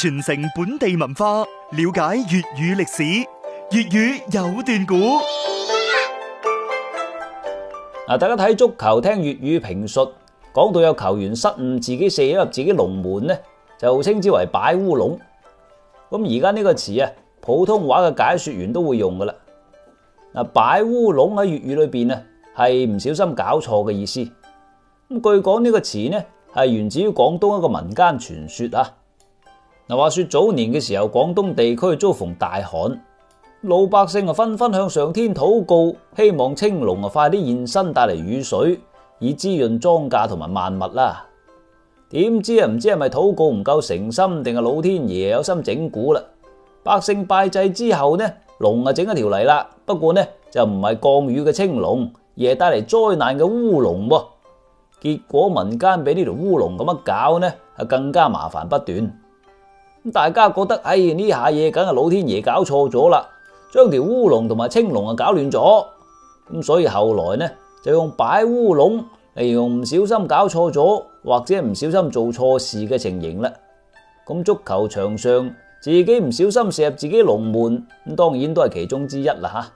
傳承本地文化，了解粵語歷史。粵語有段古嗱，大家睇足球，聽粵語評述，講到有球員失誤，自己射咗入自己龍門呢，就稱之為擺烏龍。咁而家呢個詞啊，普通話嘅解說員都會用噶啦嗱。擺烏龍喺粵語裏邊啊，係唔小心搞錯嘅意思。咁據講呢個詞呢，係源自於廣東一個民間傳說啊。嗱，話說早年嘅時候，廣東地區遭逢大旱，老百姓啊紛紛向上天禱告，希望青龍啊快啲現身，帶嚟雨水，以滋潤莊稼同埋萬物啦。點知啊，唔知係咪禱告唔夠誠心，定係老天爺有心整蠱啦？百姓拜祭之後呢，龍啊整一條嚟啦，不過呢就唔係降雨嘅青龍，而係帶嚟災難嘅烏龍。結果民間俾呢條烏龍咁樣搞呢，啊更加麻煩不斷。咁大家覺得，哎，呢下嘢梗係老天爺搞錯咗啦，將條烏龍同埋青龍啊搞亂咗。咁所以後來呢，就用擺烏龍嚟形容唔小心搞錯咗，或者唔小心做錯事嘅情形啦。咁足球場上自己唔小心射入自己龍門，咁當然都係其中之一啦吓。